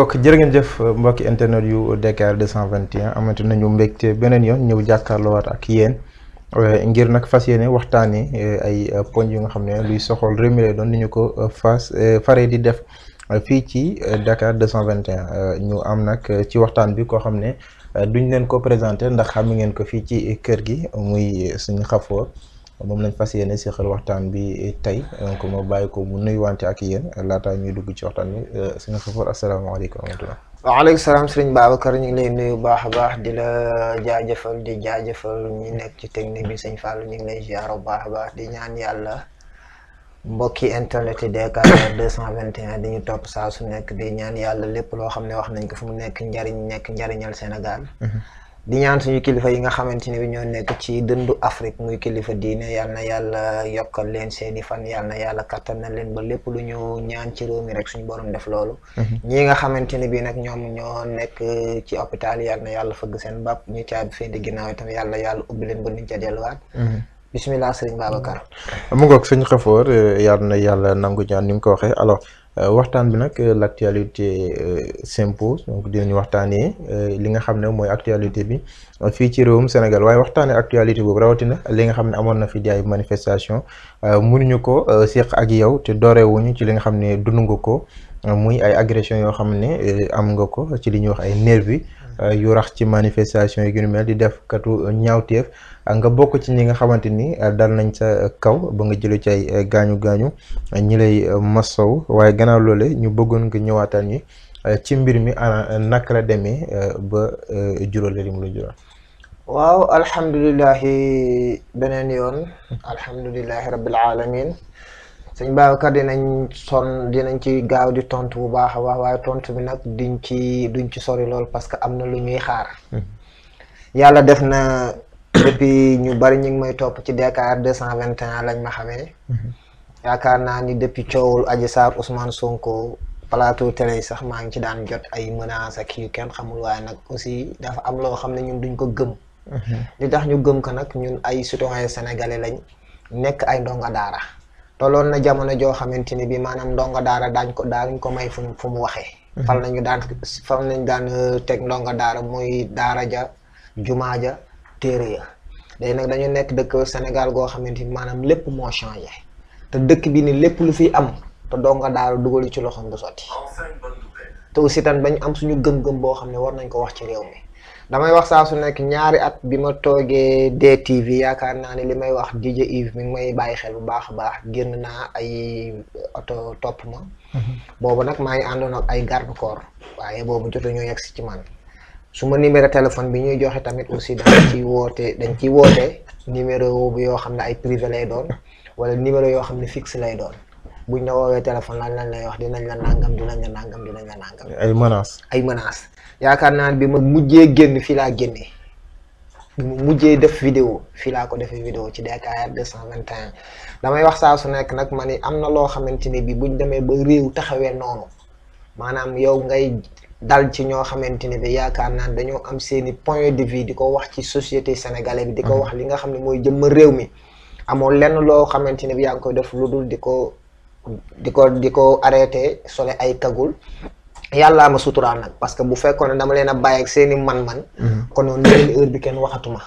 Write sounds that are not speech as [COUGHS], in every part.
ngook jër ngeen jëf mbokki internet yu Dakar 221 amante nañu mbégte beneen yoon ñëw jàkkaarloowaat ak yéen euh, ngir nag fas yéene waxtaanee euh, ay euh, poñ yu nga xam ne luy soxol réew mi doon ni ko fas fare di def fii ci Dakar 221 ñu am nag ci waxtaan bi koo xam ne duñ leen ko présenté ndax xam ngeen ko fii ci kër gi muy suñ xafoor moom lañ fas yéene si waxtaan bi tey donc ma bàyyi ko mu wante ak yéen laataa ñuy dugg ci waxtaan bi euh, sëñ Khafour asalaamaaleykum wa rahmatulah. waaleykum salaam sëriñ Babacar ñu ngi lay nuyu baax a baax di la jaajëfal di jaajëfal ñi nekk ci technique bi sëñ Fall ñu ngi lay ziar bu baax a baax di ñaan yàlla. mbokki internet yi DKR 221 dañu topp saa su nekk di ñaan yàlla lépp loo xam ne wax nañ ko fu mu nekk njariñ nekk njariñal Sénégal. Mm-hmm. di ñaan suñu kilifa yi nga xamante ni bi ñoo nekk ci dëndu Afrique muy kilifa diine yal na yàlla yokkal leen seeni fan yal yàlla kattan na leen ba lépp lu ñu ñaan ci réew mi rek suñu borom def loolu. Mhm. ñi nga xamante ni bi nag ñoom ñoo nekk uh, ci hôpital yal na yàlla fëgg seen bàpp ñu caabi fee di ginnaaw yàlla yal na yàlla ubbi leen ba nuñ ca delluwaat. Mhm. bisimilah sëriñ Babacar. mu ngoog suñu xafoor uh, yal na yàlla nangu ñaan ni mu ko waxee alors. Euh, waxtaan bi nag euh, l' actualité euh, s'impose donc dinañu waxtaanee li nga xam ne mooy actualité bi fii ci réewum Sénégal waaye waxtaanee actualité boobu rawatina li nga xam ne amoon na fi di ay manifestation mënuñu ko seq ak yow te doorewuñu ci li nga xam ne dund nga ko muy ay agression yoo xam ne am nga ko ci li ñuy wax ay nervi Euh, yu rax ci manifestation yu mel di def katu ñaawteef euh, nga bokk ci ñi nga xamante ni euh, dal nañ sa kaw ba nga jëlee ci ay gaañu gaañu ñi lay masaw waaye gannaaw loole ñu bëggoon nga ñëwaataan yi ci mbir mi ana nak la demee ba jural li mu la jural. waaw alhamdulilahi beneen yoon alhamdulilahi rabbil alamin sëñ Babacar dinañ son dinañ ci gaaw di tontu bu baax a waaw waaye tontu bi nag duñ ci duñ ci sori lool parce que am na lu ñuy xaar. Hmm. yàlla def na [COUGHS] depuis ñu bari ñu ngi may topp ci Dakar deux cent vingt et un lañ ma xamee. Hmm. yaakaar naa ni depuis coowul Adji Sarr Ousmane Sonko plateau télé yi sax maa ngi ci daan jot ay menaces ak yu kenn xamul waaye nag aussi dafa am loo xam ne ñun duñ ko gëm. Hmm. li tax ñu gëm ko nag ñun ay citoyen sénégalais lañ nekk ay ndonga daara. tolloon na jamono joo xamante ni bi maanaam ndongo daara daañ ko daarañ ko may fu fu mu waxee mhm. fal nañu daan fal nañ daan uh, teg ndongo daara muy daara ja jumaa ja téere ya day nag dañu nekk dëkk Sénégal goo xamante ni maanaam lépp moo changé te dëkk bi ni lépp lu fi am te ndongo daara dugal ci loxoom du sotti te aussi tan bañ am suñu gëm-gëm boo xam ne war nañ ko wax ci réew mi damay wax saa su nekk ñaari at bi ma toogee DTV yaakaar naa ne li may wax DJ Yves mi ngi may bàyyi xel bu baax a baax génn naa ay euh, oto topp ma. Mhm. boobu nag maa ngi àndoon ak ay garde corps waaye boobu jotu ñu yegg si ci man su ma numéro téléphone bi ñuy joxe tamit aussi dañ ciy woote dañ ciy woote numéro bi yoo xam ne ay privé lay doon wala numéro yoo xam ne fixe lay doon. buñ la woowee téléphone lan lañ lay wax dinañ la nangam dinañ la nangam dinañ la nangam. ay menaces ay menaces. yaakaar naa bi mag mujjee génn fii laa génnee bi ma mujjee def vidéo fii laa ko defee vidéo ci DKR 221 damay wax saa su nekk nag ma ni am na loo xamante ni bi buñ demee ba réew taxawee noonu maanaam yow ngay dal ci ñoo xamante ni bi yaakaar naa dañoo am seeni point de vie di ko wax ci société sénégalaise bi di ko mhm. wax li nga xam ne mooy jëmm réew mi amoon lenn loo xamante ni bi yaa ngi koy def lu dul di ko di ko di ko arrêté sole ay kagul yàllaa ma suturaal nag parce que bu fekkoon ne dama leen a bàyyi ak seeni man-man. Mhm. konoon neen heure bi kenn waxatuma.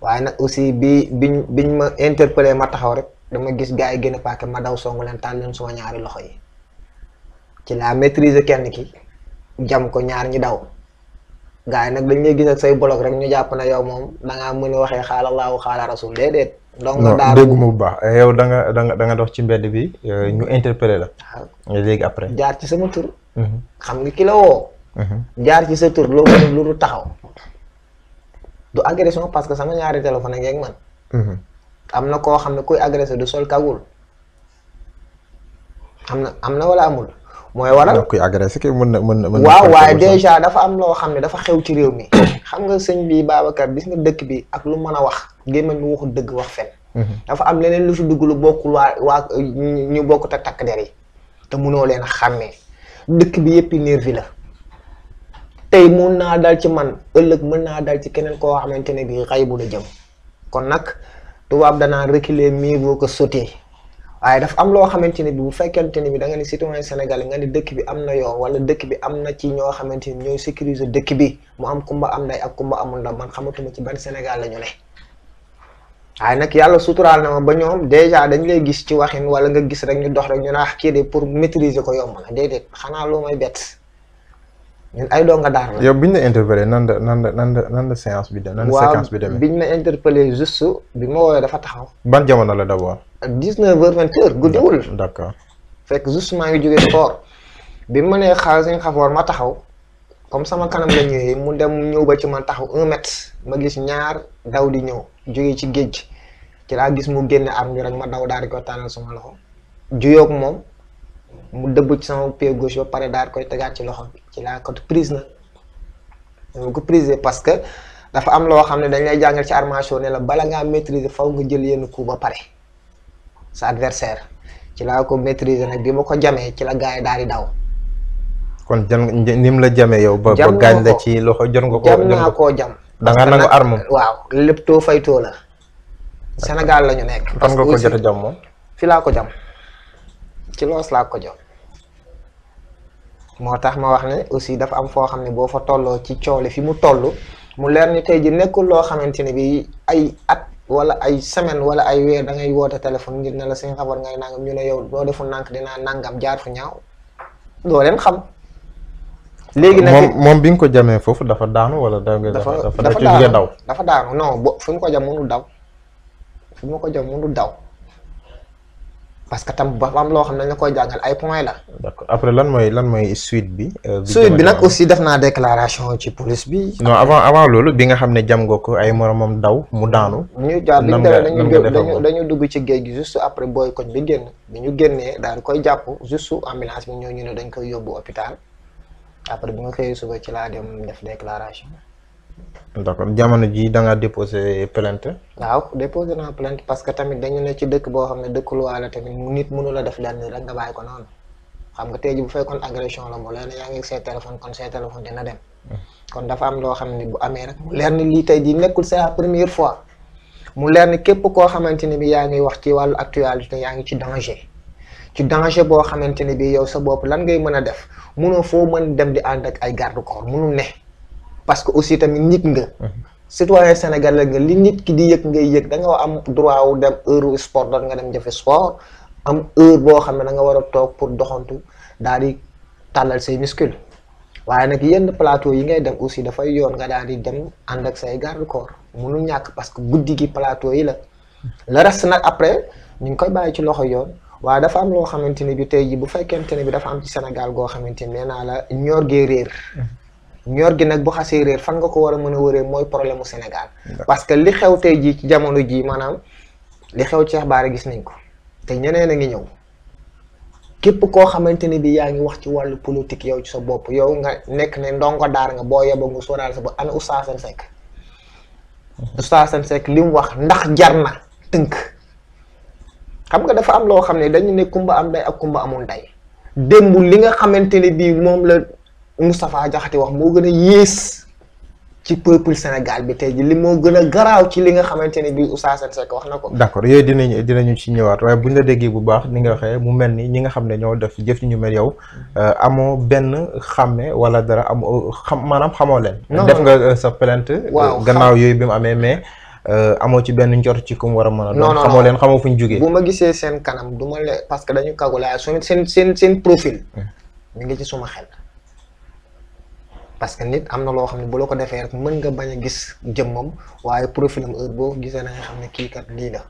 waaye nag aussi bi biñ biñ ma interpellé ma taxaw rek dama gis gaa yi génn a paake ma daw songu leen tànn leen suma ñaari loxo yi ci laa maîtriser kenn ki jam ko ñaar ñi daw gars yi nag dañ lay gis ak say bolok rek ñu jàpp na yow moom da ngaa mën a waxee xaalallahu xaala rasul déedéet. donc daal dégguma bu baax eh, yow da nga da da nga dox ci mbedd bi eh, ñu interpellé la. waaw léegi après. jaar ci sama tur. Mhm. xam nga kilo woo. Mhm. jaar ci sa tur loo mën lu taxaw. du agression parce que sama ñaari téléphone a ngi man. Mhm. am na koo xam ne kuy agressé du sol kagul. am na am na wala amul. mooy waral kuy agressé kii mën na mën na. mën na waaw waaye déjà dafa am loo xam ne dafa xew ci réew mi. xam nga sëñ bi Babacar gis nga dëkk bi ak lu mën a wax gémmañ mu waxu dëgg wax fen mhm. dafa am leneen lu fi dugg lu bokkul waa waa ñu bokkut ak takk der yi te munoo leen xàmmee dëkk bi yëpp fi la tey mun naa dal ci man ëllëg mën naa dal ci keneen koo xamante ne bi xay bu la jëm kon nag tubaab danaa reculer mieux vaut ko sauter waaye dafa am loo xamante ni bi bu fekkente ni bi da nga ni citoyen sénégalais nga ni dëkk bi am na yoon wala dëkk bi am na ci ñoo xamante ni ñooy sécuriser dëkk bi mu am kumba am nday ak kumba amul na man xamatuma ci ban Sénégal la ne waaye nag yàlla suturaal ba ñoom dèjà dañ lay gis ci waxin wala nga gis rek ñu dox rek ñu ah kii de pour maîtriser ko yomb na xanaa loo may bett ñun ay doo nga daar la. yow la interpellé nan nan la nan nan la séance bi dem. nan la bi demee waaw biñ la interpellé juste bi ma woowee dafa taxaw. ban jamono la d'abord. ak dix neuf heures vingt heures guddiwul. d'accord fekk juste maa ngi jógee sport bi ma nee xaal suñu xafoor ma taxaw comme sama kanam la ñëwee mu dem ñëw ba ci man taxaw un mètre ma gis ñaar daw di ñëw jógee ci géej ci laa gis mu génne arme bi rek ma daw daal di ko tàllal sama loxo juyoog moom mu dëbb ci sama pied gauche ba pare daal di koy tegaat ci loxo bi ci laa ko prise na ma ko prise parce que dafa am loo xam ne dañ lay jàngal ci armation ne la bala ngaa maîtriser faw nga jël yenn coup ba pare. sa adversaire ci laa ko maîtriser nag bi ma ko jamee ci la gars daal di daw. kon jam ni mu la jamee yow. ba ba gaañ la ci loxo jot nga ko jam naa koo jam. waaw lépp too la. Sénégal lañu nekk. fan nga moom. fi laa ko jam ci loos laa ko jam. moo tax ma wax ne aussi dafa am foo xam ne boo fa tolloo ci coole fi mu toll mu leer ni tey ji nekkul loo xamante bi ay at wala ay semaine wala ay weer da woote téléphone ngir ne la seen xabar ngay nangam ñu ne yow doo defu nànk dinaa nangam jaar fu ñaaw doo leen xam. léegi nag moom moom bi nga ko jamee foofu dafa daanu wala. dafa dafa dafa daanu dafa daanu non bo fi mu ko jam mënul daw fi mu ko jam mënul daw. parce que tam ba am loo xam ne dañ la koy jàngal ay points la. d'accord après lan mooy lan mooy suite bi. Euh, suite bi nag aussi def naa déclaration ci police bi. non avant avant loolu bi nga xam ne jam nga ko ay moromam daw mu daanu. ñu jaar li ñu demee dañu dugg ci géej gi juste après booy koñ bi génn bi ñu génnee daal di koy jàpp juste ambulance bi ñoo ñu dañ koy yóbbu hôpital après bi nga xëyee suba ci laa dem def déclaration. d'accord jamono ji da ngaa déposé plainte. waaw déposé naa plainte parce que tamit dañu ne ci dëkk boo xam ne dëkk luwaa la tamit nit mënu la def lenn rek nga bàyyi ko noonu xam nga tey ji bu fekkoon agression la mu leer na yaa ngi say téléphone kon say téléphone dina kon dafa am loo xam ne bu amee rek mu leer ni tey ji nekkul c'est la fois mu leer ni képp koo xamante ne bi yaa ngi wax ci wàllu actualité yaa ngi ci danger ci danger boo xamante ne bi yow sa bopp lan ngay mën a def munoo foo mën dem di ànd ak ay garde corps ne. parce que aussi tamit nit nga. sénégal sénégalais nga li nit ki di yëg ngay yëg da nga am droit wu dem heure sport doon nga dem jafe sport am heure boo xam ne da nga war a toog pour doxantu daal di tàllal say muscles waaye nag yenn plateau yi ngay dem aussi dafay yoon nga daal di dem ànd ak say garde corps munu ñàkk parce que guddi gi plateau yi la le reste nag après ñu ngi koy bàyyi ci loxo yoon. waaw dafa am loo xamante ni bi tey jii bu fekkente ne bi dafa am ci Sénégal goo xamante ne nee naa la ñor gee réer ñor gi nag bu xasee réer fan nga ko war a mën a wëree mooy problème mu Sénégal. parce que li xew tey jii ci jamono jii maanaam li xew Cheikh Bara gis nañ ko te ñeneen a ngi ñëw képp koo xamante ne bi yaa ngi wax ci wàllu politique yow ci sa bopp yow nga nekk ne ndongo daar nga boo yeboo nga sóoraal sa bopp ana Oustaz Assane Seck. Mhm. Oustaz Assane Seck li wax ndax jar na tënk. xam nga dafa am loo xam ne dañu ne kumba am ndey ak kumba amul ndey démb li nga xamante bii moom Moustapha Diakhaté wax moo gën a yées ci peuple Sénégal bi tey ji li moo gën a garaaw ci li nga xamante ne bii Oustaz wax na ko. d' accord yooyu dinañu dinañu ci ñëwaat waaye la déggee bu baax ni nga waxee mu mel ni ñi nga xam ne ñoo def jëf ñu mel yow euh, amoo benn xàmme wala dara amoo xam maanaam xamoo leen. def nga euh, sa euh, waaw gannaaw yooyu bi mu amee mais. amoo ci benn njort ci kum war a mën a. non leen xamoo fu ñu jógee. bu ma gisee seen kanam ma parce que dañu kagulaay seen seen seen seen profil. mu ngi ci suma xel. parce que nit am na loo xam ne bu la ko defee rek mën nga bañ a gis jëmmam waaye profilam heure boo gisee na nga xam ne kii kat lii la.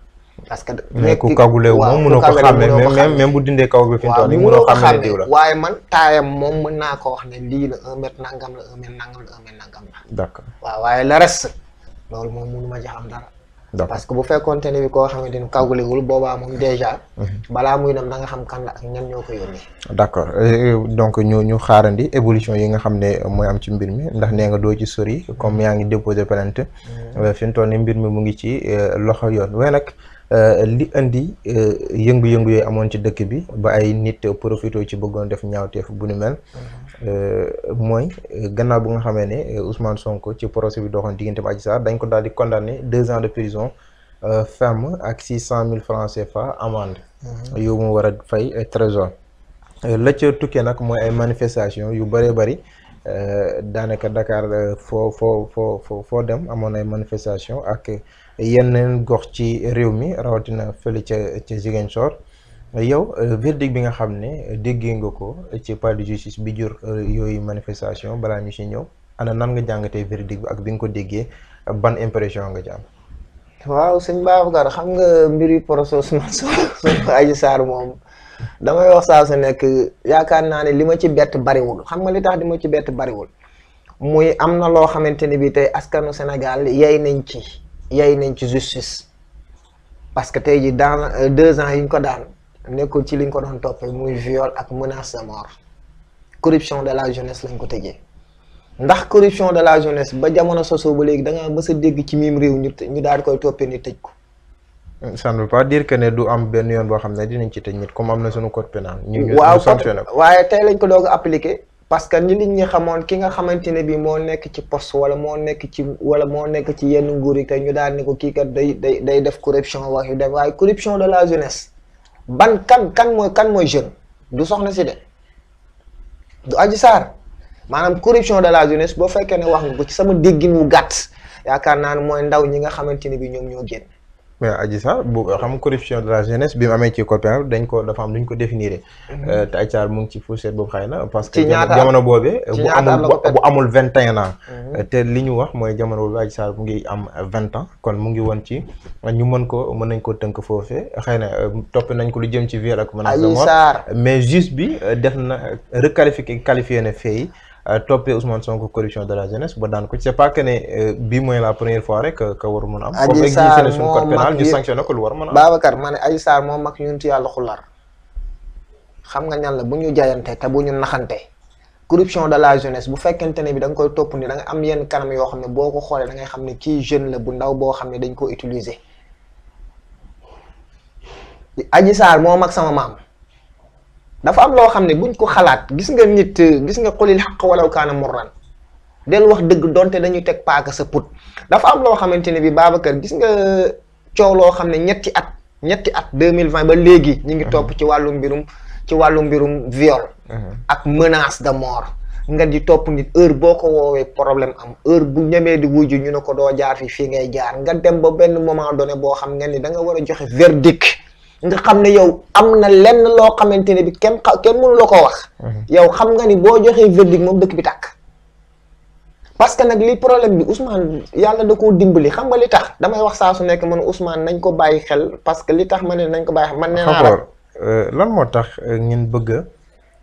parce que mais ku kagule wu moom mënoo ko bu dindee kaw bi fi mu toll nii mënoo xàmmee diw waaye man taayam moom mën naa ko wax ne lii la un mètre nangam la un mètre nangam la un waaw waaye le reste loolu moom mënu ma ci dara. parce que bu fekkoon te ne bi koo xamante ni kagulewul boobaa moom déjà. Mhm. balaa muy dem na nga xam kan la ak ko yónnee. d' accord euh, donc ñu ñu xaarandi évolution yi nga xam ne mooy am ci mbir mi ndax nee nga doo ci sori comme yaa ngi déposé plainte mhm. euh, fi mu toll mbir mi mu ngi ci euh, loxo yoon waaye nag. Euh, li indi euh, yëngu-yëngu yooyu amoon ci dëkk bi ba ay nit profité ci bëggoon def ñaawteef bu ni mel mhm. euh, mooy gannaaw bu nga xamee ne Ousmane Sonko ci procès bi doxoon diggante ba Adji Sarr dañ ko daal di condamné deux ans de prison ferme ak six cent mille francs fa amende mhm. yow mu war a fay trésor la ca tukkee nag mooy ay manifestation yu bëree bëri daanaka Dakar foo foo foo foo dem amoon ay manifestation ak yeneen gox ci réew mi rawatina fële ca ca Ziguinchor yow euh, verdict bi nga xam ne déggee nga ko ci palais de justice bi jur euh, yooyu manifestation balaa ñu si ñëw ana nan nga jàngatee verdict bi ak bi nga ko déggee ban impression nga ci am. waaw sëñ Babacar xam nga mbir yu procès Ousmane [LAUGHS] Sonko Adji Sarr moom damay wax saa su nekk yaakaar naa ne li ma ci bett bariwul xam nga li tax li ma ci bett bariwul muy am na loo xamante ni bi tey askanu senegal yey nañ ci. yay nañ ci justice parce que tey ji dans euh, deux ans yi ñu ko daan nekkul ci liñ ko doon toppee muy viol ak menace de mort corruption de la jeunesse lañ ko tëjee ndax corruption de la jeunesse ba jamono sosoo ba léegi da nga dégg ci miim réew ñu daal di koy toppee ni tëj ko. ça ne veut pas dire que ne du am benn yoon boo xam ne dinañ ci tëj nit comme am na suñu code pénal. ñu ñu sanctionné waaye tey lañ ko doog appliqué. parce que ni nit ñi xamoon ki nga xamante ne bi moo nekk ci poste wala moo nekk ci wala moo nekk ci yenn nguur yi tey ñu daan ne ko kii kat day day day def corruption wax yu dem waaye corruption de la jeunesse ban kan kan mooy kan mooy jeune du soxna si de du Adji Sarr maanaam corruption de la jeunesse boo fekkee ne wax nga ko ci sama déggin wu gàtt yaakaar naa ne mooy ndaw ñi nga xamante ne bi ñoom ñoo génn mais Adji Sarr bu xam corruption de la jeunesse bi mu amee ci COPEAL dañ ko dafa am lu ko définir. te mhm. euh, Adji Sarr mu ngi ci fourchette boobu xëy na. parce que jamono boobee. bu amul bu vingt et un mhm. euh, te li ñu wax mooy jamono boobu Adji Sarr mu ngi am vingt ans kon mu ngi woon ci ñu mën ko mën nañ ko tënk foofe xëy na euh, topp nañ ko lu jëm ci viol ak menace de mort mais juste bi def na requalifié qualifié ne fee Euh, toppee Ousmane Sonko corruption de la jeunesse ba daan ko c'est pas que ne euh, bii mooy la première fois rek que war mën a am. Adji ko lu a am. Babacar moo mag ñun ci yàlla xular xam nga ñan la bu ñu jaayante te bu ñu naxante. corruption de la jeunesse bu fekkente ne bi da nga koy topp nii da am yenn kanam yoo xam ne boo ko xoolee da ngay xam ne kii jeune la bu ndaw boo xam ne dañ ko utiliser Adji Sarr moo mag sama maam. dafa am loo xam ne buñ ko xalaat gis nga nit gis nga xulil xaq walaw kaana murran del wax dëgg donte dañuy teg paaka sa put dafa am loo xamante ne bi Babacar gis nga coow loo xam ne ñetti at ñetti at deux mille vingt ba léegi ñu ngi topp ci wàllu mbirum ci wàllu mbirum viol uh-huh. ak menace de mort nga di topp nit heure boo ko woowee problème am heure bu ñemee di wujju ñu ne ko doo jaar fi fii ngay jaar nga dem ba benn moment donné boo xam nga ni da nga war a joxe verdict nga xam ne yow am na lenn loo xamante ne bi kenn kenn mënu la ko wax. Mhm. yow xam nga ni boo joxee verdict moom dëkk bi tàkk. parce que nag li problème bi Ousmane yàlla da koo dimbali xam nga li tax damay wax saa su nekk man Ousmane nañ ko bàyyi xel parce que li tax ma ne nañ ko bàyyi xel man. nee naa euh, lan moo tax euh, ngeen bëgg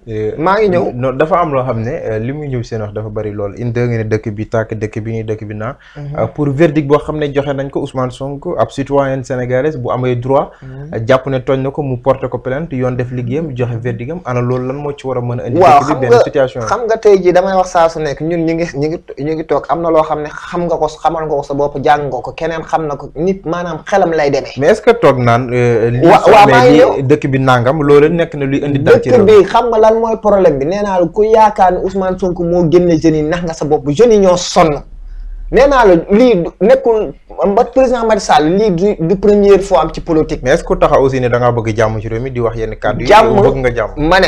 Eh, maa ngi ñëw non dafa am loo xam ne eh, li muy ñëw seen wax dafa bari lool inde nga ne dëkk bi tàkk dëkk bi nii dëkk bi naa. Mhm. Eh, pour verdict boo xam ne joxe nañ ko Ousmane Sonko ab citoyenne sénégalaise bu amee droit. Mhm. jàpp ne tooñ na ko mu porté ko yoon def liggéeyam mhm. joxe verdict am ana loolu lan moo ci war a mën a. indi bi xam nga tey jii damay wax saa su nekk ñun ñu ngi ñu ngi ñu ngi toog am na loo xam ne xam nga ko xamal nga sa bopp jàng ko keneen xam na ko nit maanaam xelam lay demee. mais que toog naan. wa waaw dëkk bi nangam loolu nekk na luy indi dal ci lan mooy problème bi nee naa la ku yaakaar ne Ousmane Sonko moo génne jeunes yi nax nga sa bopp jeunes yi ñoo sonn nee naa la lii nekkul ba président Macky Sall lii du du première fois am ci politique. mais ku taxa aussi ne da bëgg jàmm ci réew mi di wax yenn kàddu yi. jàmm bëgg nga jàmm ma ne.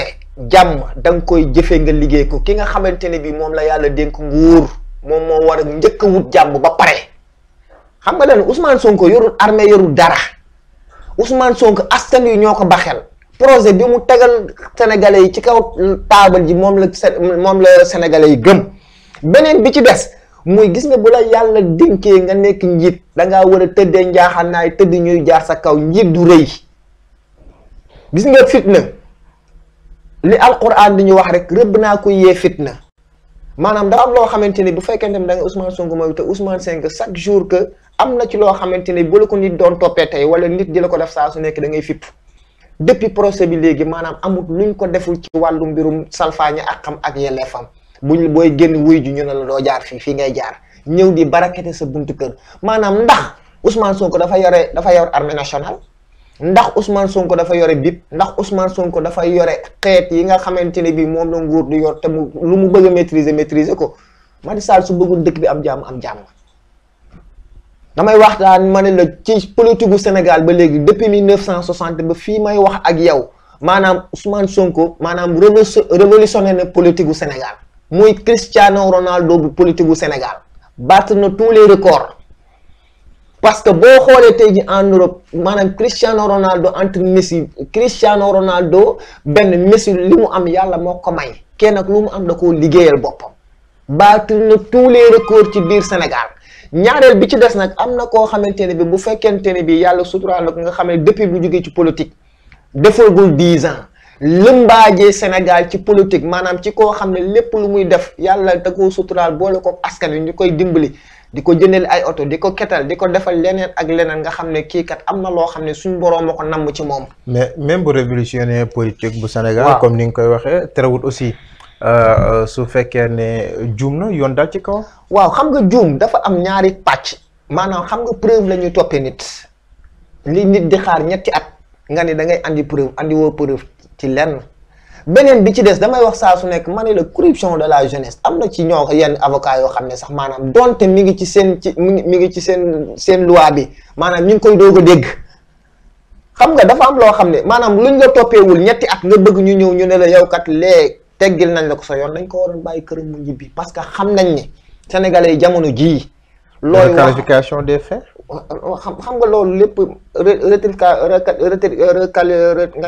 jàmm da nga koy jëfe nga liggéey ko ki nga xamante ne bii moom la yàlla dénk nguur moom moo war a njëkk a wut jàmm ba pare xam nga leen Ousmane Sonko yorul armée yorul dara Ousmane Sonko askan wi ñoo ko baxel projet bi mu tegal sénégalais yi ci kaw taabal ji moom la moom la sénégalais yi gëm beneen bi ci des mooy gis nga bu la yàlla dénkee nga nekk njiit danga ngaa war a tëddee njaaxanaay tëdd ñuy jaar sa kaw njiit du rëy gis nga fitna li alquran di ñu wax rek rëbb naa ko yee fitna maanaam daa am loo xamante ni bu fekkente ne da nga Ousmane Sonko mooy te Ousmane cinq chaque jour que am na ci loo xamante ni bu la ko nit doon toppee tey wala nit di la ko def saa su nekk da ngay fipp depuis procès bi léegi maanaam amut ñu ko deful ci wàllu mbirum salfaañi ak xam ak yelleefam buñ booy génn wuy ju ñu ne la doo jaar fii fii ngay jaar ñëw di barakete sa buntu kër maanaam ndax Ousmane Sonko dafa yore dafa yor armée ndax Ousmane Sonko dafa yore bip ndax Ousmane Sonko dafa yore xeet yi nga xamante ne bii moom la nguur du yor te mu lu mu bëgg a maîtriser maîtriser ko Macky Sall su bëggul dëkk bi am jàmm am jàmm. damay waxtaan ma ne la ci politique gu Sénégal ba léegi depuis 1960 ba fii may wax ak yow maanaam Ousmane Sonko maanaam révolutionné na politique gu Sénégal muy Cristiano Ronaldo bu politique gu Sénégal battre na tous les records parce que boo xoolee tey ji en Europe maanaam Cristiano Ronaldo entre Messi Cristiano Ronaldo benn Messi li mu am yàlla moo ko may kenn ak lu mu am da ko liggéeyal bopp battre na tous les records ci biir Sénégal. ñaareel bi ci des nag am na koo xamante ne bi bu fekkente ne bi yàlla suturaal nag nga xam ne depuis bu jógee ci politique defagul dix ans lëmbaajee Sénégal ci politique maanaam ci koo xam ne lépp lu muy def yàlla da koo suturaal boole ko askan wi ñu koy dimbali di ko jëndeel ay oto di ko ketal di ko defal leneen ak leneen nga xam ne kii kat am na loo xam ne suñ boroom moo ko namm ci moom. mais même bu révolutionnaire politique bu Sénégal. comme ni nga koy waxee terewut aussi. Euh, euh, su fekkee ne juum na yoon daal ci kaw. waaw xam nga juum dafa am ñaari pàcc. maanaam xam nga preuve la ñuy toppee nit. li nit di xaar ñetti at. nga ni da ngay andi preuve andi woo preuve ci lenn. beneen bi ci des damay wax saa su nekk ma ne la corruption de la jeunesse am na ci ñoo yenn avocat yoo xam ne sax maanaam donte mi ngi ci seen ci mi ngi ci seen seen loi bi maanaam ñu ngi koy doog dégg xam nga dafa am loo xam ne maanaam luñ la toppeewul ñetti at nga bëgg ñu ñëw ñu ne la yow kat lee teggil nañ la ko sax yoon dañ ko waroon bàyyi këram mu ñibbi parce que xam nañ ni sénégalais yi jamono jii. looy wax qualification des faits. xam xam nga loolu lépp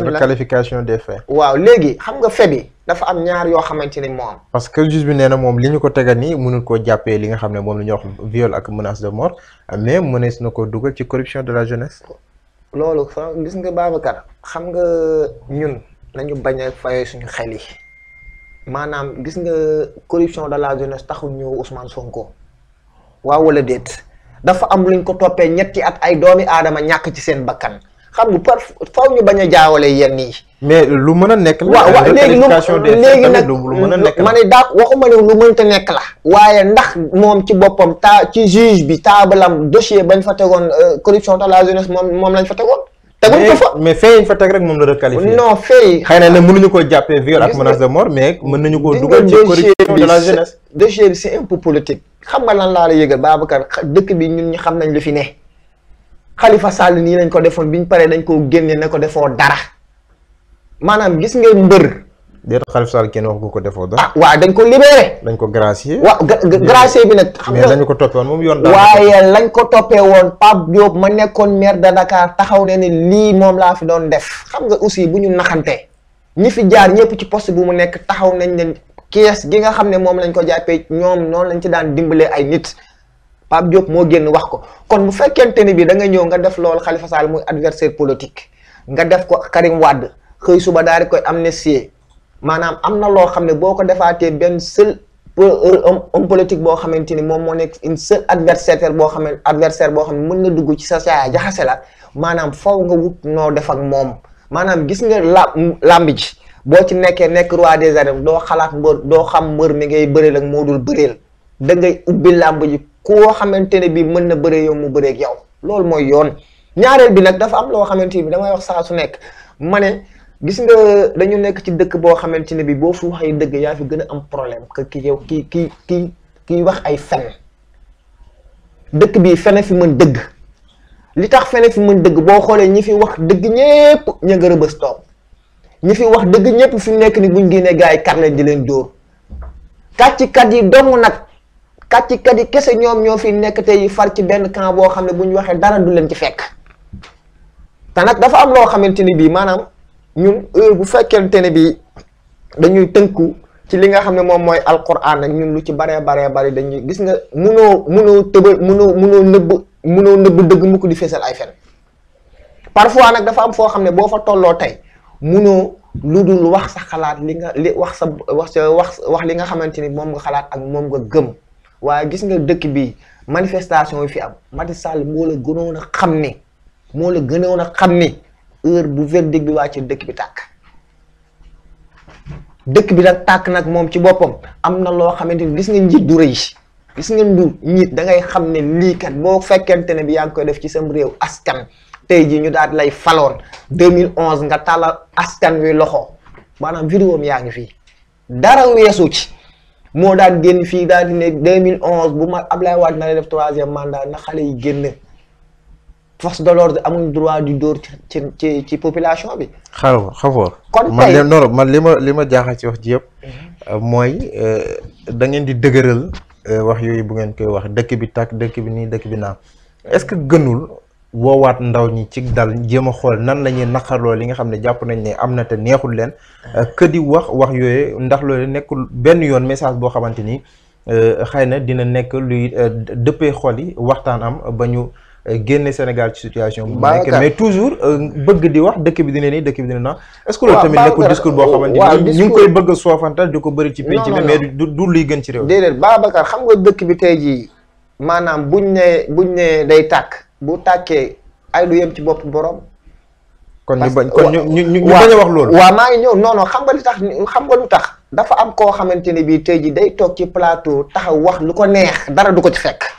requalification des faits. waaw léegi xam nga fe bi dafa am ñaar yoo xamante ni moo parce que juge bi nee na moom li ñu ko tegal nii mënul koo jàppee li nga xam ne moom la ñuy xam viol ak menace de mort mais menace na ko dugal ci corruption de la jeunesse. loolu gis nga Babacar xam nga ñun nañu bañ a suñu xel yi. maanaam gis nga corruption de la jeunesse taxul ñëw soon ko waaw wala déet dafa am luñ ko toppee ñetti at ay doomi aadama ñàkk ci seen bakkan xam nga par faw ñu bañ a jaawale yenn yi. mais lu mën a nekk la. waaw waaw léegi léegi nag ma ne daa waxuma ne lu mënta nekk la. waaye ndax moom ci boppam ta ci juge bi taabalam dossier bañ fa tegoon euh, corruption de la jeunesse moom moom lañ fa tegoon. mais fee yi ñu fa teg rek moom la requalifié. non fee yi xëy na ne mënuñu koo jàppee viol ak menace de mort mais mën nañu koo dugal ci corruption de la jeunesse. dossier bi politique xam nga lan laa la yëgal Babacar dëkk bi ñun ñu xam nañ lu fi ne Khalifa Sall nii lañ ko defoon biñ paree dañ koo génne ne ko defoo dara maanaam gis nga mbër déet Khalifa Sall kenn wax nga ko defoo dara. ah waaw dañ ko libéré. dañ ko gracier. waaw gracier bi nag. xam nga mais lañ ko toppee woon moom yoon. daal waaye lañ ko toppee woon Pape Diop ma nekkoon maire de Dakar taxaw ne ni lii moom laa fi doon def. xam nga aussi bu ñu naxante ñi fi jaar ñëpp ci post bu mu nekk taxaw nañ ne kees gi nga xam ne moom lañ ko jàppee ñoom noonu lañ ci daan dimbalee ay nit. Pape Diop moo génn wax ko kon bu fekkente ni bi da nga ñëw nga def loolu Khalifa Sall muy adversaire politique nga def ko Karim Wade suba daal di koy amnistier maanaam am na loo xam ne boo ko defaatee benn seul euh, homme boo xamante ni moom moo nekk une seule adversaire boo xam ne adversaire boo xam ne mën na dugg ci sa saaya jaxase la maanaam faw nga wut noo def ak moom maanaam gis nga la làmb ji boo ci nekkee nekk roi des arènes doo xalaat mbër doo xam mbër mi ngay bëreel ak moo dul bëreel da ngay ubbi làmb ji koo xamante ne bii mën na bëree yow mu bëree yow loolu mooy yoon ñaareel bi nag dafa am loo xamante ni damay wax saa su nekk ma ne gis nga dañu nekk ci dëkk boo xamante ne bi boo fi waxee dëgg yaa fi gën a am problème que ki yow ki ki ki wax ay fen dëkk bi fene fi mën dëgg li tax fene fi mën dëgg boo xoolee ñi fi wax dëgg ñépp ña nga rëbës toog ñi fi wax dëgg ñépp fi nekk ni buñ génnee gars yi kat leen di leen jóor kàccikat yi dong nag kàccikat yi kese ñoom ñoo fi nekk tey far ci benn camp boo xam ne bu ñu waxee dara du leen ci fekk te nag dafa am loo xamante ni bii maanaam ñun heure bu fekkente ne bi dañuy tënku ci li nga xam ne moom mooy alquran ak ñun lu ci baree baree bari dañuy gis nga munoo munoo tëbal munoo munoo nëbb munoo nëbb dëgg mukk di feesal ay fen parfois nag dafa am foo xam ne boo fa tolloo tey munoo lu dul wax sa xalaat li nga li wax sa wax sa wax li nga xamante ni moom nga xalaat ak moom nga gëm waaye gis nga dëkk bi manifestation yi fi am Macky Sall moo la gënoon a xam ni moo la gënoon a xam ni heure bu verdict bi wàcce dëkk bi tàkk dëkk bi nag tàkk nag moom ci boppam am na loo xamante ni gis nga njiit du rëy gis nga ndu njiit da ngay xam ne lii kat boo fekkente ne bi yaa ngi koy def ci sam réew askan tey ji ñu daal lay faloon 2011 nga tàllal askan wi loxo maanaam vidéo mi yaa ngi fii dara weesu ci moo daal génn fii daal di ne 2011 bu ma Ablaye Wade na def troisième mandat na xale yi génn. force de bi amul droit di dóor ci ci ci population bi. xaw xafoor kon man de non man li ma li ma jaaxal ci wax ji yëpp. Mhm. Euh, mooy euh, da ngeen di dëgëral euh, wax yooyu bu ngeen koy wax dëkk bi tàkk dëkk bi nii dëkk bi naa est-ce que gënul woowaat ndaw ñi ci dal jéem a xool nan la ñuy naqarloo li nga xam ne jàpp nañ ne am na te neexul leen. que di wax wax yooyu ndax loolu nekkul benn yoon message boo xamante ni xëy na dina nekk luy dëppee xol yi waxtaan am ba ñu. génne Sénégal ci situation bu nekk mais toujours euh, bëgg di wax dëkk bi dina nii dëkk bi dina na est-ce que loolu tamit nekkul discours boo xamante ni ñu ngi koy bëgg a soofantal di ko bëri ci penc mi mais du luy gën ci réew déedéet Babacar xam nga dëkk bi tey jii maanaam buñ ne buñ ne day tàkk bu tàkkee ay du yem ci bopp boroom kon ñu bañ kon ñu ñu ñu bañ a wax loolu waaw maa ngi ñëw non xam nga li tax xam nga lu tax dafa am koo xamante ne bii tey jii day toog ci plateau taxaw wax lu ko neex dara du ko ci fekk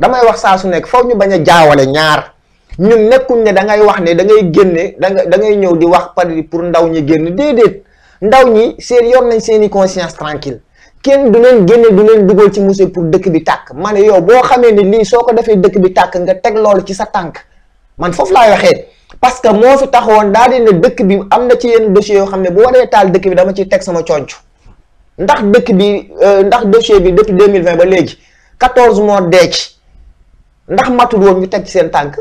damay wax saa su nekk faw ñu bañ a jaawale ñaar ñun nekkuñ ne da ngay wax ne da ngay génne da nga da ngay ñëw di wax par pour ndaw ñi génn déedéet ndaw ñi seen yoon nañ seen i conscience tranquille kenn du leen génne du leen dugal ci musée pour dëkk bi tàkk ma ne yow boo xamee ne lii soo ko defee dëkk bi tàkk nga teg loolu ci sa tànk man foofu laay waxee parce que moo fi taxawoon daal di ne dëkk bi am na ci yenn dossiers yoo xam ne bu waree taal dëkk bi dama ciy teg sama conc ndax dëkk bi euh, ndax dossier bi depuis 2020 ba léegi 14 mois deec ndax matul woon ñu teg ci seen tànk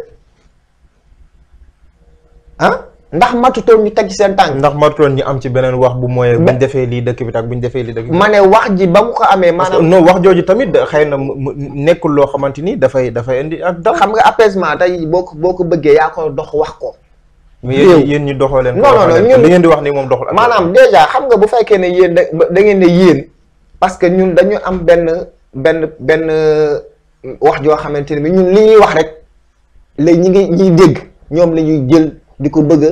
ah ndax matutoon ñu teg ci seen tànk. ndax matutoon ñu am ci beneen wax bu mooy. bu defee lii dëkk bi tak bu ñu defee lii dëkk bi. ma ne wax ji ba mu ko amee. maanaam non wax jooju tamit xëy na mu nekkul loo xamante ni dafay dafay indi ak dal. xam nga apaisement tey boo ko boo ko bëggee yaa ko dox wax ko. yéen yéen ñu doxoo leen. non non non di wax ni moom doxul. maanaam dèjà xam nga bu fekkee ne yéen da da ngeen ne yéen. parce que ñun dañu am benn benn benn. wax joo xamante ne bi ñun li ñuy wax rek léegi ñi ngi ñuy dégg ñoom la ñuy jël di ko bëgg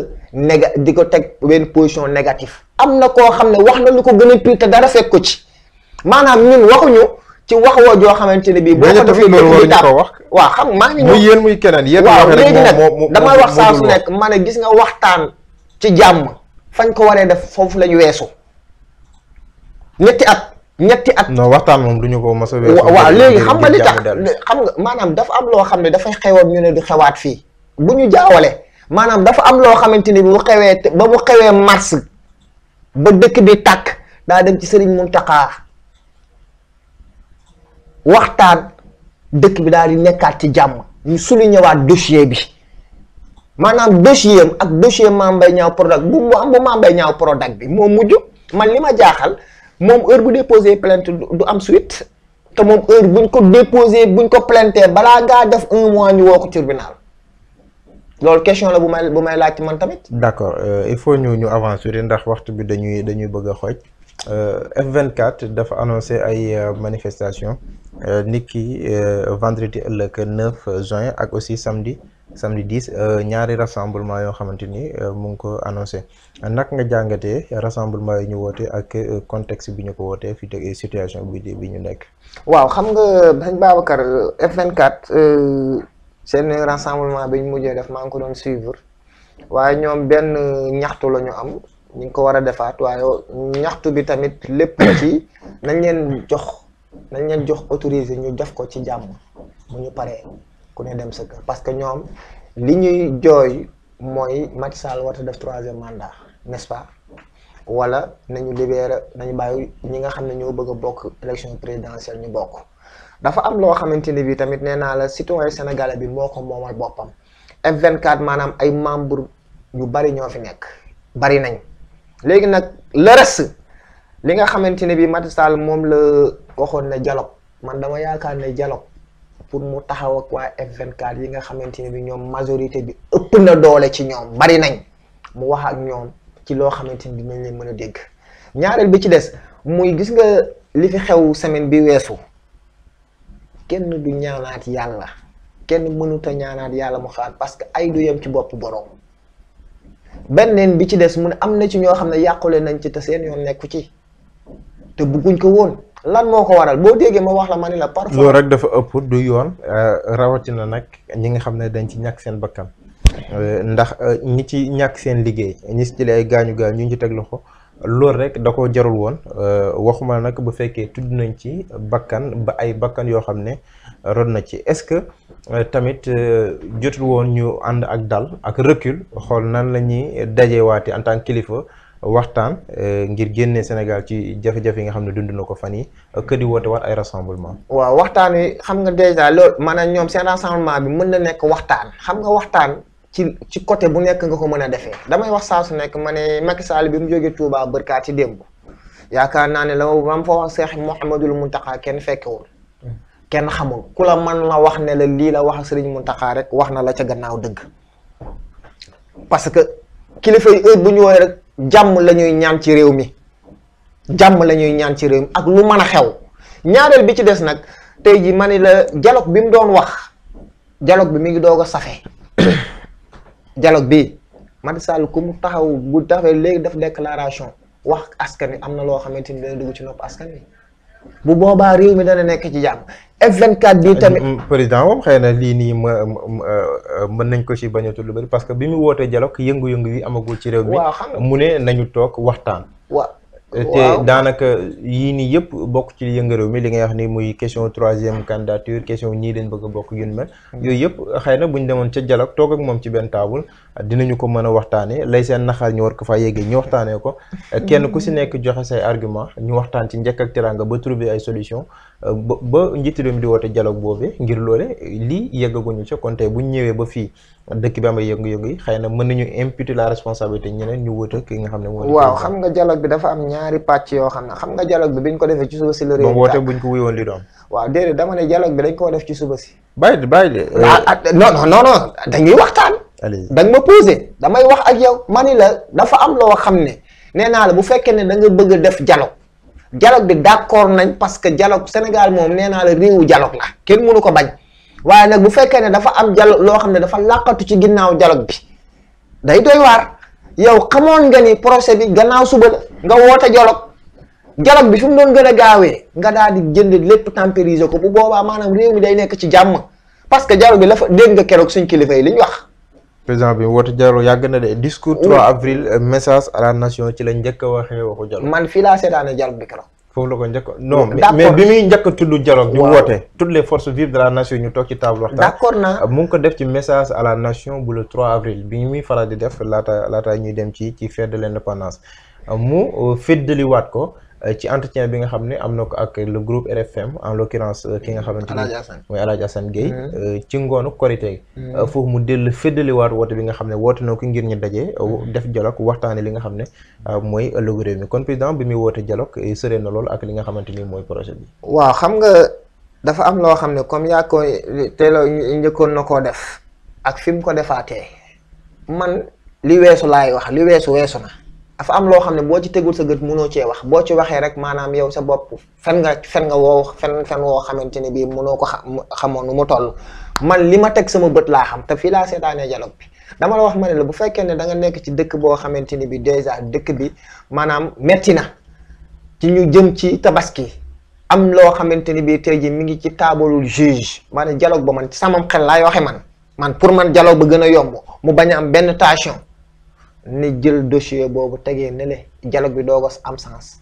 a di ko teg benn position négative am na koo xam ne wax na lu ko gën a pire te dara fekk ko ci maanaam ñun waxuñu ci wax woo joo xamante ne bii boo ko defee ko wax waaw xam maa ngi yéen muy keneen yéen waaw léegi nag damay wax saa su nekk man a gis nga waxtaan ci jàmm fañ ko waree def foofu la ñu weesu ñetti at ñetti at. non waxtaan moom duñu ko mos a waaw léegi xam nga li tax nga maanaam dafa am loo xam ne dafay xewoon ñu ne du fii bu ñu jaawale maanaam dafa am loo xamante ni mu xewee ba mu xewee mars ba dëkk bi tàkk daa dem ci sëriñ Serigne Mountakha waxtaan dëkk bi daal di nekkaat ci jàmm ñu sulu ñëwaat dossier bi maanaam dossier am ak dossier Mame Mbaye Niang Prodac bu bu Mame Mbaye Niang Prodac bi moo mujj man li ma jaaxal. moom heure bu déposé plainte du am suite te moom heure buñ ko déposé buñ ko plainte balaa ngaa def un mois ñu woo ko tribunal loolu question la bu may bu may laajte man tamit. d'accord euh, il faut ñu ñu avancer ndax waxtu bi dañuy dañuy bëgg a xooj euh, F24 dafa annoncé ay euh, manifestation nit ki vendredi ëllëg 9 juin ak aussi samedi. samedi 10 euh, ñaari rassemblement yoo xamante ni euh, mu ngi ko annoncé naka nga jàngatee rassemblement yi ñu wootee ak euh, contexte bi ñu ko wootee fi situation bi bi ñu nekk. waaw xam nga sëñ Babacar F24 seen rassemblement bi ñu mujjee def maa ngi ko doon suivre waaye ñoom benn ñaxtu la ñu am ñu ngi ko war a defaat waaye ñaxtu bi tamit lépp la ci nañ leen jox nañ leen jox autorisé ñu def ko ci jàmm bu ñu paree. ku dem parce que ñoom li ñuy jooy mooy Macky Sall warta def troisième mandat nest pa pas wala nañu libéré nañu bàyyi ñi nga xam ne ñoo bëgg a bokk élection présidentielle ñu bokk dafa am loo xamante ni bi tamit nee naa la citoyen sénégalais bi moo ko moomal boppam F24 maanaam ay membre ñu bari ñoo fi nekk bari nañ léegi nag le reste li nga xamante ne bi Macky Sall moom la waxoon ne dialogue man dama yaakaar ne dialogue pour mu taxaw ak waa F24 yi nga xamante ne bi ñoom majorité bi ëpp na doole ci ñoom bari nañ mu wax ak ñoom ci loo xamante ni dinañ leen mën a dégg ñaareel bi ci des muy gis nga li fi xew semaine bi weesu kenn du ñaanaat yàlla kenn mënuta ñaanaat yàlla mu xalaat parce que ay du yem ci bopp boroom benneen bi ci des mu ne am na ci ñoo xam ne yàqule nañ ci te seen yoon nekku ci te bëgguñ ko woon lan moo ko waral boo déggee ma wax la ma ne la parfois. loolu rek dafa ëpp du yoon euh, rawatina nag ñi nga xam ne dañ ci ñàkk seen bakkan euh, ndax euh, ñi ci ñàkk seen liggéey ñi si gaañu gaañ ñu ngi ci teg loxo loolu rek da ko jarul woon waxuma nag bu fekkee tudd nañ ci bakkan ba ay bakkan yoo xam ne ron na ci est-ce que tamit jotul woon ñu ànd ak dal ak recul xool nan la ñuy dajewaatee en tant kilifa. waxtaan eh, ngir génne Sénégal ci jafe-jafe yi nga xam ne dund na ko fan yi eh, que di woote waat ay rassemblement waaw waxtaan wi xam nga dèjà loolu maanaam ñoom seen rassemblement bi mën na nekk waxtaan xam nga waxtaan ci ci côté bu nekk nga ko mën a defee damay wax saa su nekk ma ne Macky Sall bi mu jogee tuubaa bërkaat ci démb yaakaar naa ne la mam fa wax Cheikh Mouhamadul Mountakha kenn fekkewul kenn xamul ku la man la wax ne la lii la wax sëriñ Mountakha rek wax na la ca gannaaw dëgg parce que kilifa yi heure bu ñu rek jàmm la ñuy ñaan ci réew mi jàmm la ñuy ñaan ci réew mi ak lu mën a xew ñaareel bi ci des nag tey ji mani la dialogue bi mu doon wax dialogue bi mi ngi doog a safe [COUGHS] dialogue bi Macky Sall ku mu taxaw bu taxawee léegi def déclaration wax askan wi am na loo xamante ni dina dugg ci nopp askan wi bu boobaa réew mi dana nekk ci jàmm F24 bi tamit. Euh, président moom xëy na lii nii ma euh, mën nañ ko ci bañ lu bëri parce que bi mu wootee dialogue yëngu-yëngu yi amagul ci réew mi. mu ne nañu toog waxtaan. wa te daanaka yii nii yëpp bokk ci yëngarew mi li ngay wax ni muy question troisième candidature question ñii dañ bëgg a bokk yu mel. Hmm. yooyu yëpp xëy na bu ñu demoon ca dialogue toog ak moom ci benn taabul dinañu ko mën a waxtaanee lay seen naxaar ñu war ko faa yeggee ñu waxtaanee ko. Hmm. kenn ku si nekk joxe say argument ñu waxtaan ci njëkk ak teraanga ba trouver ay solution Euh, ba ba njiitu réew mi di woote dialogue boobee ngir loole lii yeggaguñu ca kon tey bu ñu ñëwee ba fii dëkk bi am ay yëngu-yëngu yi xëy na mën nañu imputer la responsabilité ñeneen ñu wëta ki nga xam ne moo waaw xam nga dialogue bi dafa am ñaari pàcc yoo xam ne xam nga dialogue bi biñ ko defee ci suba si la réew woote buñ ko wuyoon li doon waaw déedéet dama ne dialogue bi dañ koo def ci suba si bàyyi bàyyi euh, ah, ah, non non non non dañuy waxtaan da nga ma posé damay wax ak yow ma ni la dafa am loo xam ne nee naa la bu fekkee ne da nga bëgg def jaloo dialogue bi d'accord nañ parce que dialogue Sénégal moom nee naa la réewu dialogue la kenn mënu ko bañ waaye nag bu fekkee ne dafa am dialogue loo xam ne dafa làqatu ci ginnaaw dialogue bi day doy waar yow xamoon nga ni procès bi gannaaw suba la nga woote dialogue dialogue bi fi mu doon gën a gaawee nga daal di jënd lépp tempériser ko bu boobaa maanaam réew mi day nekk ci jàmm parce que dialogue bi la fa dégg nga keroog suñ kilifa yi li ñu wax. président bi woote Diallo yàgg na de discours 3 avril euh, message à la nation ci la njëkk a waxee waxu Diallo. foofu la ko njëkk non mais bi muy njëkk tudd Diallo. ñu woote toutes les forces vives de la nation ñu toog ci table waxtaan. Euh, mu ngi ko def ci message à la nation bu le 3 avril bi muy faral di def laata laata ñuy dem ci ci fête de l'indépendance euh, mu féddaliwaat ko. ci entretien bi nga xam ne am na ko ak le groupe RFM en l'occurrence euh, ki nga mm-hmm. xamante ni mooy Alaaji Assane Gueye mm-hmm. euh, ci ngoonu korité mm-hmm. euh, foofu mu dellu féddaliwaat woote bi nga xam ne woote na ko ngir ñu dajee def dialogue waxtaane li nga xam ne mooy ëllëgu réew mi kon président bi muy woote dialogue sëree na loolu ak li nga xamante ni mooy projet bi waaw xam nga dafa am loo xam ne comme yaa ko teeloo njëkkoon na koo def ak fi mu ko defaatee man li weesu laay wax li weesu weesu dafa am loo xam ne boo ci tegul sa gët mënoo cee wax boo ci waxee rek maanaam yow sa bopp fen nga woow nga woo fen fen woo xamante ne bii mënoo ko xamoon nu mu toll man li ma teg sama bët laa xam te fii laa seetaanee dialogue bi dama wax ma ne la bu fekkee ne da nekk ci dëkk boo xamante ni bi dèjà dëkk bi maanaam metti na ci ñu jëm ci tabaski am loo xamante ni bi tey ji mi ngi ci taabalul juge maanaam dialogue ba man ci sama xel laay waxe man man pour man dialogue ba gën a yomb mu bañ a am benn tension ne jël dossier boobu tegee ne le dialogue bi doog am sens.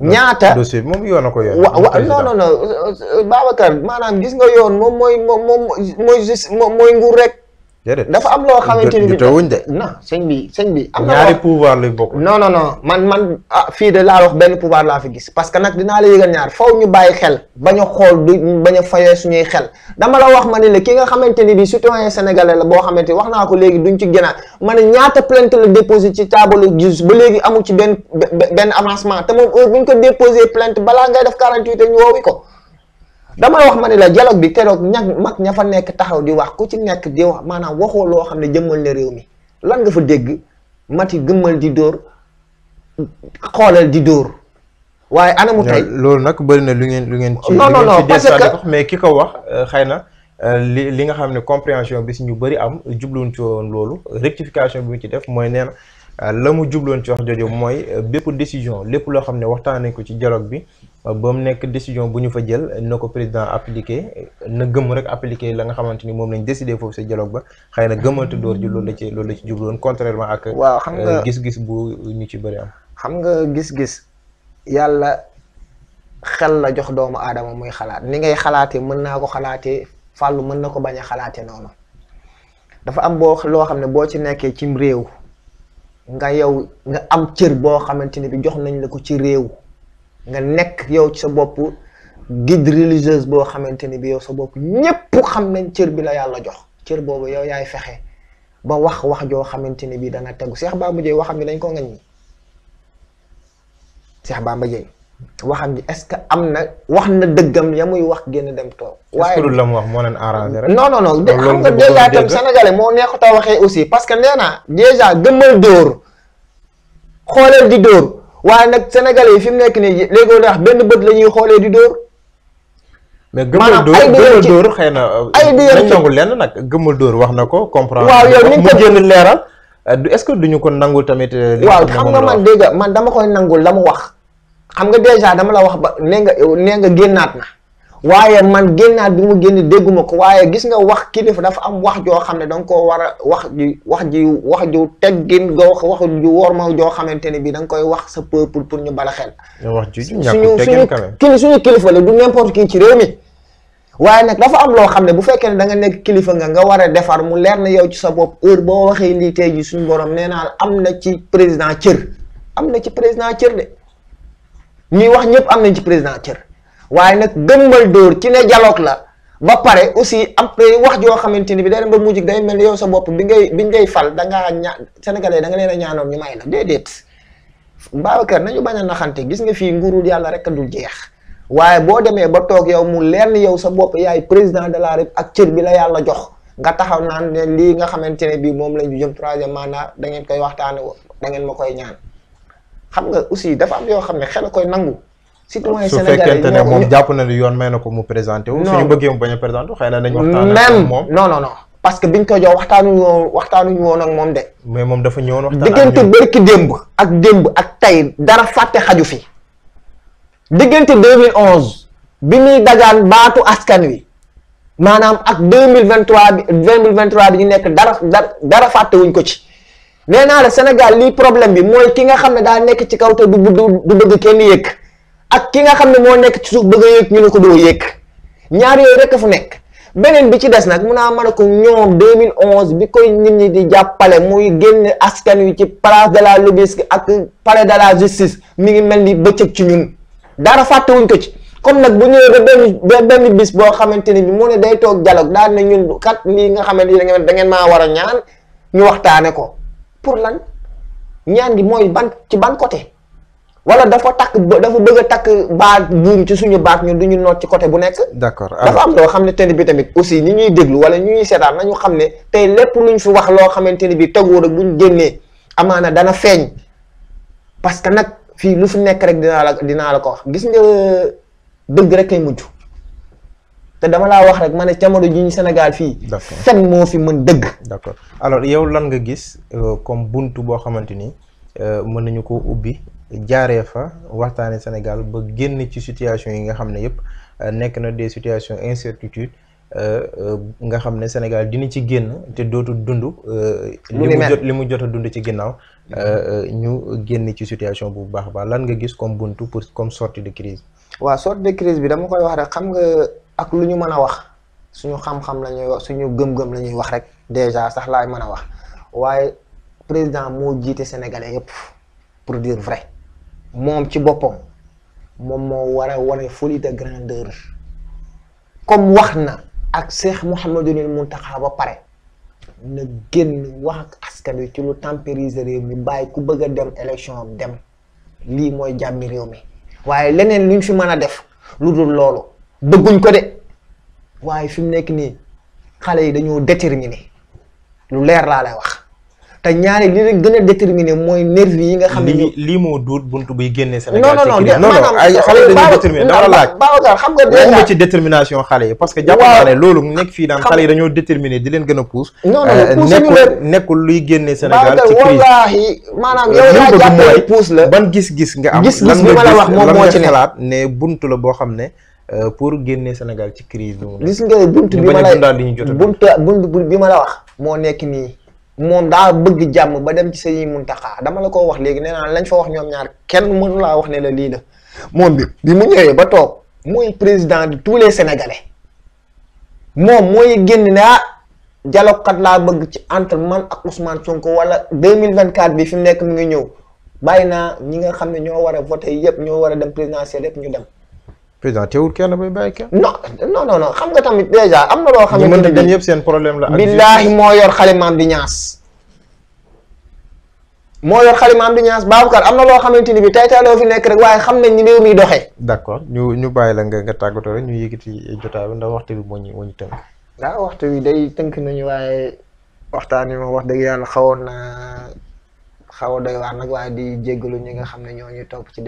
ñaata dossier bi moom yoon a ko yoon. wa non non non gis nga yoon moom mooy moom mooy mooy nguur rek. dafa am loo xamante ni jotewuñ de non sëñ bi sëñ bi am na ñaari pouvoir lay bokk non non non man man ah fii de laa wax benn pouvoir laa fi gis parce que nag dinaa la yëgal ñaar faw ñu bàyyi xel bañ a xool du bañ a suñuy xel dama la wax ma ne la ki nga xamante ni bi citoyen sénégalais la boo xamante ni wax naa ko léegi duñ ci gënaat ma ne ñaata plainte la déposé ci table juge ba léegi amu ci benn benn avancement te moom heure bu ñu ko def 48 te ko dama wax ma ne la dialogue bi keroog ñag mag ña fa nekk taxaw di wax ku ci nekk di wax maanaam waxoo loo xam ne jëmmal na réew mi lan nga fa dégg mati gëmmal di dóor xoolal di dóor waaye anamu tey loolu nag bëri na lu ngeen lu ngeen ci non non non mais ki ko wax euh, xëy na euh, li li nga xam ne compréhension bi si ñu bëri am jubluwuñ ci woon loolu rectification bi mu ci def mooy nee na Euh, la mu jubloon ci wax jooju mooy euh, bépp décision lépp loo xam ne waxtaan ko ci dialogue bi euh, ba mu nekk décision bu ñu fa jël na ko président appliqué na gëm rek appliqué la nga xamante ni moom lañ décidé foofu si dialogue ba xëy na gëmante dóor ji loolu la ci jubloon contrairement ak. waaw xam nga gis-gis bu ñu ci bari am. xam nga gis-gis yàlla xel la jox doomu aadama muy xalaat ni ngay xalaatee mën naa ko xalaatee fàll mën na ko bañ a xalaatee noonu dafa am boo loo xam ne boo ci nekkee cim réew. nga yow nga am cër boo xamante ni bi jox nañ la ko ci réew nga nekk yow ci sa bopp guide religieuse boo xamante ni bi yow sa bopp ñépp xam nañ cër bi la yàlla jox cër boobu yow yaay fexe ba wax wax joo xamante ni bi dana tegu Cheikh Bamba Dièye waxam ni dañ koo ngañ ñi Cheikh ma Dièye waxam ji est-ce que am na wax na dëggam ya muy wax génn dem toog. waaye est-ce que la mu wax moo leen arrangé rek. non non non de xam nga déjà tam sénégalais moo neexut a waxee aussi parce que nee naa déjà gëmmal dóor xooleel di dóor waaye nag sénégalais yi fi mu nekk nii léegoo wax benn bët la ñuy xoolee di dóor. mais gëmmal dóor gëmmal dóor xëy na euh, ay dañ nangu lenn nag gëmmal dóor wax na ko comprendre. waaw yow ni mu génn leeral. Euh, est-ce que duñu ko nangul tamit. Euh, li waaw xam nga man dégg man dama koy nangul la mu wax xam nga dèjà dama la wax ba nee nga nee nga génnaat na waaye man génnaat bi mu génn dégguma ko waaye gis nga wax kilifa dafa am wax joo xam ne danga koo war a wax ji wax ji wax ju teggin go wax ju worma joo xamante ne bii da nga koy wax sa peuple pour ñu bala xel. suñu suñu kili suñu kilifa la du n'importe qui ci réew mi. waaye nag dafa am loo xam ne bu fekkee ne danga nekk kilifa nga nga war a defar mu leer na yow ci sa bopp heure boo waxee lii tey ji suñu borom nee naa am na ci président cër am na ci président cër de. ñuy wax ñëpp am nañ ci président cër waaye nag gëmbal dóor ci ne dialogue la ba pare aussi am wax joo xamante ni bi day dem ba mujj day mel ni yow sa bopp bi ngay biñ ngay fal da ngaa ña sénégalais da leen a ñaanoon ñu may la déedéet Babacar nañu bañ a naxante gis nga fii nguurul yàlla rek a dul jeex waaye boo demee ba toog yow mu leen yow sa bopp yaay président de la République ak cër bi la yàlla jox nga taxaw naan ne lii nga xamante ne bii moom la ñu jëm troisième mandat da ngeen koy waxtaane da ngeen ma koy ñaan xam nga aussi dafa am yoo xam ne xel a koy nangu. si sénégalais su fekkente ne moom jàpp na ni yoon may na ko mu présenté wu. suñu bëggee mu bañ a wu xëy na dañu waxtaan ak moom non non non. parce que biñ ko jox waxtaanuñu woon waxtaanuñu woon ak moom de. mais moom dafa ñëwoon waxtaan diggante bërki démb ak démb ak tey dara fàtte xaju fi diggante 2011 bi muy dagaan baatu askan wi maanaam ak 2023 bi 2023 bi ñu nekk dara dara dara fàtte wuñ ko ci. nee naa la Sénégal lii problème bi mooy ki nga xam ne daa nekk ci kaw te du du bëgg kenn yëg ak ki nga xam ne moo nekk ci suuf bëgg a yëg ñu ne ko doo yëg ñaar yooyu rek fu nekk beneen bi ci des nag mun naa mën a ko ñoom 2011 bi koy nit ñi di jàppale muy génn askan wi ci place de la Lobisque ak palais de la justice mi ngi mel ni bëccëg ci ñun dara fàttewuñ ko ci comme nag bu ñëwee ba benn benn bis boo xamante ni bi mu ne day toog dialogue daal na ñun kat lii nga xamante ni da ngeen maa war a ñaan ñu waxtaane ko. pour lan ñaan gi mooy ban ci ban côté wala dafa takk dafa bëgg a takk baat buum ci suñu baat ñun du ñu noot ci côté bu nekk. d'accord dafa am loo xam ne tey bi tamit aussi ni ñuy déglu wala ñu ñuy seetaan nañu xam ne tey lépp luñ fi wax loo xamante ni bii tegu rek buñ génnee amaana dana feeñ parce que nag fii lu fi nekk rek dinaa la dinaa la ko wax gis nga dëgg rek kay mujj. te dama laa wax rek ma ne jamono ji ñu Sénégal fii. fen moo fi mën dëgg. d'accord alors yow lan nga gis euh, comme buntu boo xamante ni euh, mën nañu ko ubbi jaaree fa waxtaanee Sénégal ba génn ci situation yi nga xam ne yëpp euh, nekk na des situations incertitude nga xam ne Sénégal dina ci génn te dootul dund. li mu jot li mu jot a dund ci ginnaaw. ñu génn ci situation bu baax a baax lan nga gis comme buntu pour comme sortie de crise. waaw sortie de crise bi dama koy wax rek xam nga. ak lu ñu mën a wax suñu xam-xam la wax suñu gëm-gëm wax rek déjà sax laay mën a wax waaye président moo jiite sénégalais yëpp pour dire vrai moom ci boppam moom moo war a wane folie de grandeur comme wax na ak Cheikh Mouhamadul Mountakha ba pare na génn wax ak askan wi ci lu tempériser réew mi bàyyi ku bëgg a dem élection dem lii mooy jàmmi réew mi waaye leneen luñ fi mën a def lu dul loolu bëgguñ ko de waaye fi mu nekk nii xale yi dañoo déterminé lu leer laa lay wax te ñaari li leen gën a déterminé mooy nervi yi nga xam ne. lii moo duut bunt buy génnee Sénégal. non non non ay xale yi xam nga waxuma ci détermination xale yi. parce que jàpp naa loolu nekk fii daan xale yi dañoo déterminé di leen gën a pousse. non non euh, pousse nekkul luy génnee Sénégal ci crise wallaahi maanaam euh, yow yaa jàppale pousse la ban gis-gis nga am. gis-gis bi ma la wax moom moo ci ne ne bunt la boo xam ne Euh, pour génne Sénégal ci crise bi. gis nga buntu bi ma la buntu buntu bi ma la wax. moo nekk nii moom daa bëgg jàmm ba dem ci Sëriñ Muntaxa dama la koo wax léegi nee naa lañ fa wax ñoom ñaar kenn mënu laa wax ne la lii la moom bi bi mu ñëwee ba toog mooy président de tous les sénégalais moom mooy génn ne ah dialogue kat laa bëgg ci entre man ak Ousmane Sonko wala 2024 bi fi mu nekk mu ngi ñëw bàyyi naa ñi nga xam ne ñoo war a voté yëpp ñoo war a dem présidentiel yëpp ñu dem. président teewul kenn bay bàyyi kenn. non non non xam nga tamit dèjà am na loo. xamante ne seen problème la. billaahi moo yor xalimaam di ñaas. moo yor xalimaam di ñaas am na loo xamante ni bi tey tey loo fi nekk rek waaye xam nañ ni réew mi doxee. d' accord ñu ñu bàyyi la nga nga tàggatoo rek ñu yëkkati jotaay bi ndax waxtu bi moo ñu moo ñu tënk. waaw waxtu bi day tënk nañu waaye waxtaan wi moom wax dëgg yàlla xawoon na xaw a doy waar nag waaye di jéggalu ñi nga xam ne ñoo ñu topp ci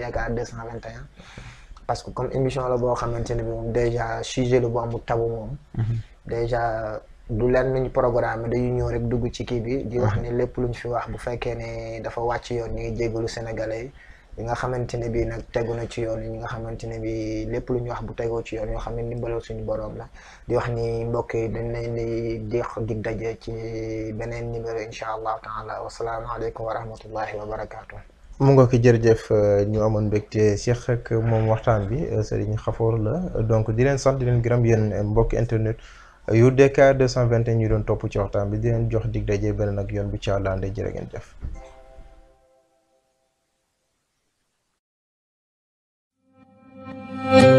parce que comme émission la boo xamante ne bi moom déjà sujet boo mu amul tabu moom. Mhm. déjà du lenn ñu programme dañuy ñëw dugg ci kii bi. di wax mhm. ne lépp luñ fi wax bu fekkee ne dafa wàcc yoon ñuy jégalu sénégalais yi. nga xamante ne bii nag tegu na ci yoon ñi nga xamante ne bii lépp lu ñu wax bu tegoo ci yoon yoo xam ne ndimbalal suñu boroom la di wax ni mbokk yi dañ leen di déq di daje ci beneen numéro incha allahu taala wasalaamaaleykum wa rahmatullahi wa barakaatu. mu nga ko jërëjëf euh, ñu amoon mbégte Cheikh ak moom waxtaan bi euh, Serigne Khafor la donc di leen sant di leen gërëm yéen euh, mbokk internet yu DK 221 ñu doon topp ci waxtaan bi di leen jox dig daje beneen ak yoon bi ci àllande jërë ngeen jëf.